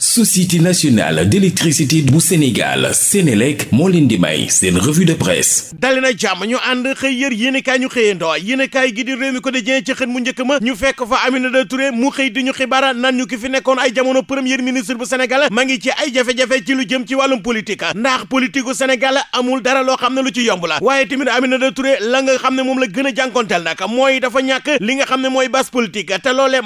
société nationale d'électricité bu Sénégal Sénélec moo leen di may seen revue de presse dali na jàmm ñu ànd xëy yër yéenekaay ñu xëyandoo yéenekaay gi di Rewmi Quotidien ci xët mu njëkk ma ñu fekk fa Aminata Touré mu xëy di ñu xibaara nan ñu ki fi nekkoon ay jamono premier ministre bu Sénégal ma ngi ci ay jafe-jafe ci lu jëm ci wàllum politique ndax politique Sénégal amul dara loo xam ne lu ci yomb la waaye tamit Aminata Touré la nga xam ne moom la a xam ne mooy base politique te loolee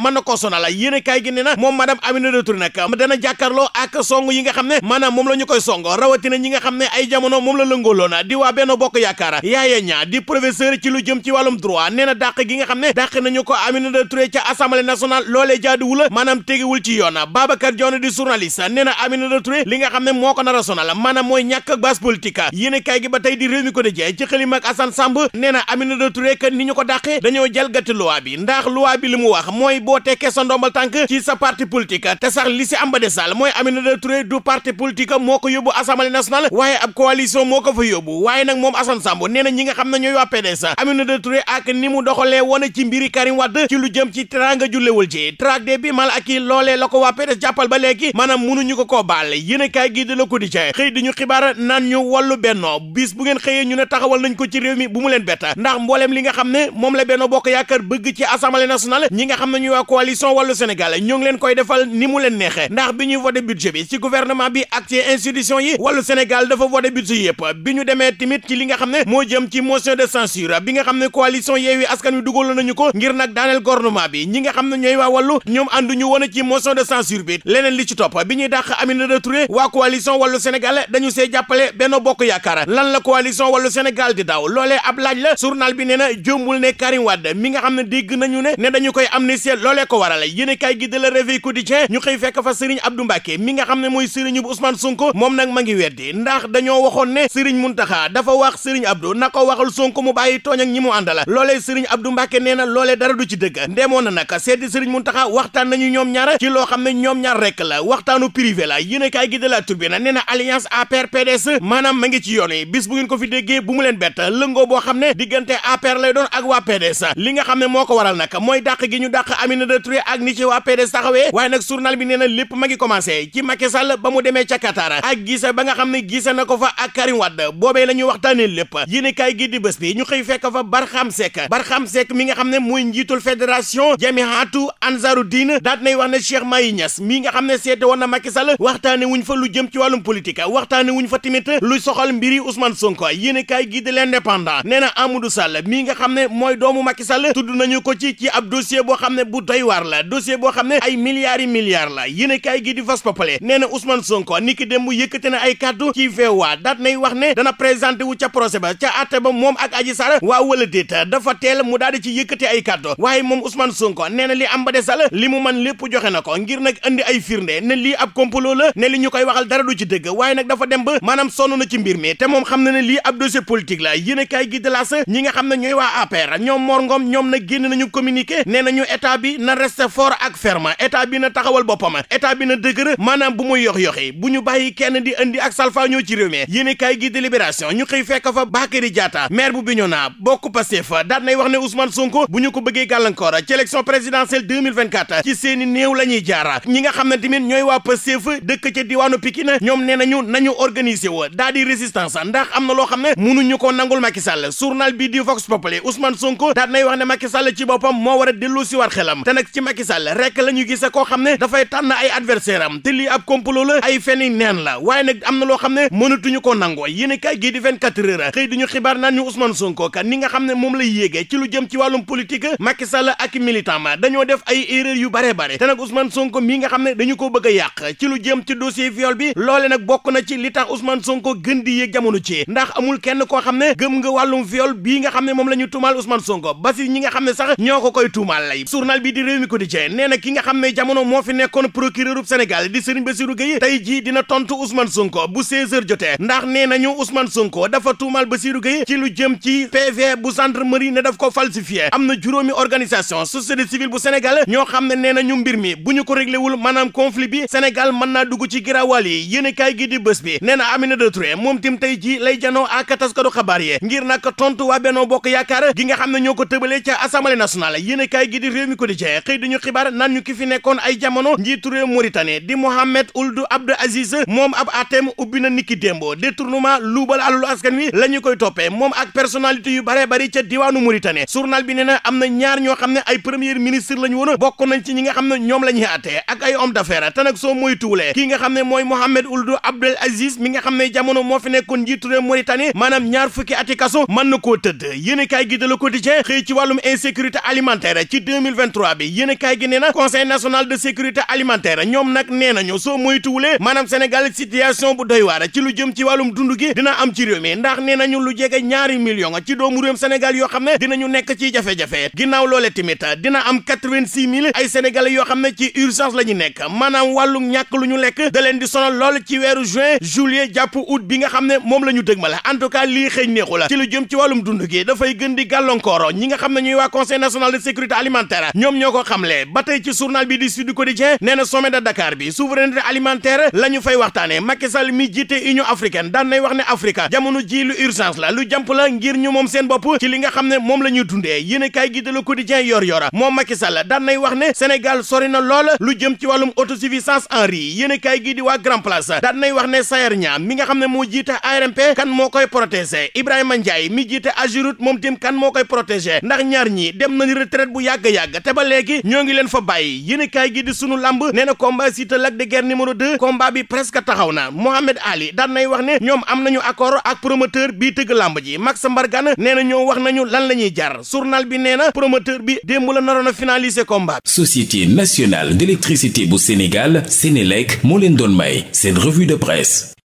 jàkkaarloo ak song yi nga xam ne maanaam moom la ñu koy song rawatina ñi nga xam ne ay jamono moom la lëngaloona di waa benn bokk yaakaar yaaya ña di professeur ci lu jëm ci wàllum droit nee na dàq gi nga xam ne na nañu ko Aminata Touré ca assemblée nationale loolee jaaduwul maanaam tegiwul ci yoon Babacar Dione di journaliste nee na Aminata Touré li nga xam ne moo ko nar a sonal maanaam mooy ñàkk ak base politique yéen gi ba tey di réew mi ko dëjee ci xëlim ak Assane na Aminata Touré que ni ko dàqee dañoo jalgati loi ndax loi bi li mu wax mooy boo tekkee sa ndombal tànk ci sa parti politique sax li si am Sall mooy Aminata Touré du parti politique moo ko yóbbu assemblée nationale waaye ab coalition moo ko fa yóbbu waaye nag moom Assane Samb nee na ñi nga xam ne ñooy waa PDS Aminata Touré ak ni mu doxalee woon ci mbiri Karim Wade ci lu jëm ci teranga jullewul ci traque des bi mal ak loolee la ko waa PDS jàppal ba léegi maanaam mënuñu ko ko baal yéen a kaay gii la ko di cee xëy di ñu xibaar naan ñu wàllu bennoo bis bu ngeen xëyee ñu ne taxawal nañ ko ci réew mi bu mu leen ndax mbooleem li nga xam ne moom la bennoo bokk yaakaar bëgg ci assemblée nationale ñi nga xam ne ñuy waa Sénégal ñoo ngi leen koy defal ni mu leen neexee ndax bi ñuy voté budget bi ci gouvernement bi ak ci institution yi wàllu Sénégal dafa voté budget yëpp bi ñu demee tamit ci li nga xam ne moo jëm ci motion de censure bi nga xam ne coalition Yewwi Askan Wi dugaloon nañu ko ngir nag daaneel gouvernement bi ñi nga xam ne ñooy waa wàllu ñoom ànduñu woon ci motion de censure bi leneen li ci topp bi ñuy dàq Aminata Touré waa coalition wàllu Sénégal dañu se jàppale Benno Bokk Yaakaar lan la coalition wàllu Sénégal di daaw loolee ab laaj la journal bi nee na jëmbul ne Karim Wade mi nga xam ne dégg nañu ne ne dañu koy ko waral yéene kaay gi de la Abdou Mbacke mi nga xam ne mooy sëriñu bu Ousmane Sonko moom nag ma ngi weddi ndax dañoo waxoon ne sëriñ Muntaxa dafa wax sëriñ Abdou na ko waxal Sonko mu bàyyi tooñ ak ñi mu àndala loolee sëriñ Abdou Mbacke nee na loolee dara du ci dëgg ndemoon na nag seeti sëriñ Muntaxa waxtaan nañu ñoom ñaar ci loo xam ne ñoom ñaar rek la waxtaanu privé la yéen a kaay gi de nee na alliance APR PDS maanaam ma ngi ci yoon yi bis bu ngeen ko fi déggee bu mu ngi commencé ci Macky Sall ba mu demee ca Qatar ak gise ba nga xam ne gise na ko fa ak Karim Wade boobee la ñuy waxtaanee lépp yéen kaay gi di bés bi ñu xëy fekk fa Barham Seck Barham Seck mi nga xam ne mooy njiitul fédération Jamihaatu diin daat nay wax ne Cheikh Mahi Niass mi nga xam ne seete woon na Macky Sall waxtaane wuñ fa lu jëm ci wàllum politique waxtaane wuñ fa tamit lu soxal mbiri Ousmane Sonko yéen kaay gi di l'Indépendant nee na Amadou Sall mi nga xam ne mooy doomu Macky Sall tudd nañu ko ci ci ab dossier boo xam ne bu doy la dossier boo xam ne ay milliards yi milliards la gi di Vox Populi nee na Ousmane Sonko ni ki dem mu yëkkate na ay kàddu ci VOA daat nay wax ne dana présenté wu ca procès ba ca àtte ba moom ak Adji Sarr waaw wala déet dafa teel mu daal di ci yëkkate ay kàddu waaye moom usman son Sonko nee na li am ba desal li mu man lépp joxe na ko ngir nag andi ay firnde ne lii ab complot la ne li ñu koy waxal dara du ci dëgg waaye nag dafa dem ba maanaam sonn na ci mbir mi te moom xam na ne lii ab dossier politique la yéen gi de las nga xam ne ñooy waa APR ñoom Mor Ngom ñoom nag génn nañu communiqué nee nañu état bi na rester fort ak état bi na taxawal boppam na dëgër maanaam bu muy yox bu ñu bàyyi kenn di indi ak salfa ci réew mi yéene gi délibération ñu xëy fekk fa Bakary Diatta maire bu Bignona bokk Pastef daan nay wax ne Ousmane Sonko bu ñu ko bëggee gàllankoor ci élection présidentielle ci seeni néew la jaara ñi nga xam ne tamit ñooy waa Pastef dëkk ca diwaanu Pikine ñoom nee nañu nañu organiser wo résistance ndax am na loo xam ne mënuñu ko nangul Macky Sall journal di Vox Populi Ousmane adversaire am te lii ab complot la ay feni nen la waaye nag am na loo xam ne mënatuñu ko nangoo yéen kay gii di 24 heures xëy duñu xibaar naan ñu Ousmane Sonko ka ni nga xam ne moom la yéegee ci lu jëm ci wàllum politique Macky Sall ak militant ma dañoo def ay erreur yu bare bare te nag Ousmane Sonko mii nga xam ne dañu ko bëgg yàq ci lu jëm ci dossier viol bi loole nag bokk na ci li tax Ousmane Sonko gën di yéeg jamono ci ndax amul kenn koo xam ne gëm nga wàllum viol bii nga xam ne moom la ñu tuumaal Ousmane Sonko ba nga xam ne sax ñoo ko koy tuumaal lay journal bi di réew mi nee na ki nga xam ne jamono moo fi nekkoon procureur Sénégal di Serigne Bassirou Gueye tey jii dina tontu Ousmane Sonko bu 16h jotee ndax nee nañu Ousmane Sonko dafa tuumal Bassirou Gueye ci lu jëm ci PV bu gendarmerie ne daf ko falsifié am na juróomi organisation société civile bu Sénégal ñoo xam ne nee nañu mbir mi bu ñu ko réglé wul maanaam conflit bi Sénégal mën naa dugg ci giraawal yi yéenekaay gi di bés bi nee na Aminata Touré moom tim tey jii lay janoo ak taskatu xabaar yi ngir nag tontu waa Benno Yaakaar gi nga xam ne ñoo ko tëbalee w Assemblée nationale yéenekaay gi di réew mi ko di jeex ki fi nekkoon ay jamono njiitu réew Mauritanie Mauritanie di Mohamed Ould Abdou Aziz moom ab atem ubbi na niki démbo détournement luubal alalu askan wi la koy toppee moom ak personnalité yu bare bari ca diwaanu Mauritanie journal bi nee am na ñaar ñoo xam ne ay premier ministre lañu woon bokk nañ ci ñi nga xam ne ñoom la ñuy àttee ak ay homme d'affaires te nag soo mooy tuulee kii nga xam ne mooy Mohamed Ould Abdel Aziz mi nga xam ne jamono moo fi nekkoon njiitu réew Mauritanie maanaam ñaar fukki ati kaso mën na koo tëdd yéen kaay gi nag nee nañu soo moytuwulee maanaam Sénégal situation bu doy waar ci lu jëm ci wàllum dund gi dina am ci réew ndax nee nañu lu jege ñaari million ci doomu réewum Sénégal yoo xam ne dinañu nekk ci jafe-jafe ginnaaw loole tamit dina am 86 mil ay sénégalais yoo xam ne ci urgence la ñu nekk maanaam wàllum ñàkk lu ñu lekk da leen di sonal lool ci weeru juin juillet jàpp août bi nga xam ne moom la ñu dëgmale en tout cas lii xëy neexu la ci lu jëm ci wàllum dund gi dafay gën di gàllankooro ñi nga xam ne ñuy waa conseil national de sécurité ñoo ko xamle ba tey ci journal bi di Sud na sommet de Dakar bi souveraineté alimentaire la ñu fay waxtaane Macky mi jiite Union africaine daan wax ne Afrique jamono ji lu urgence la lu jàmp la ngir ñu moom seen bopp ci li nga xam ne moom la dundee yéen a kaay gi de Le Quotidien moom Macky Sall wax ne Sénégal sori lool lu jëm ci wàllum autosuffisance en riz yéen a kaay gi di waa Grand Place daan wax ne Sayer Niang mi nga xam ne moo jiite ARMP kan moo koy protéger Ibrahima Ndiaye mi jiite Ageroute moom a Siteu Lac de Guiers numéro 2 combat bi presque taxaw na Mohamed Ali daan nay wax ne ñoom am nañu accord ak promoteur bi tëgg làmb ji Max Mbargane nee na ñoo wax nañu lan la ñuy jar journal bi nee na promoteur bi démb la naroon a finaliser combat bi. Société nationale d'électricité bu Sénégal Sénélec moo leen doon may seen revue de presse.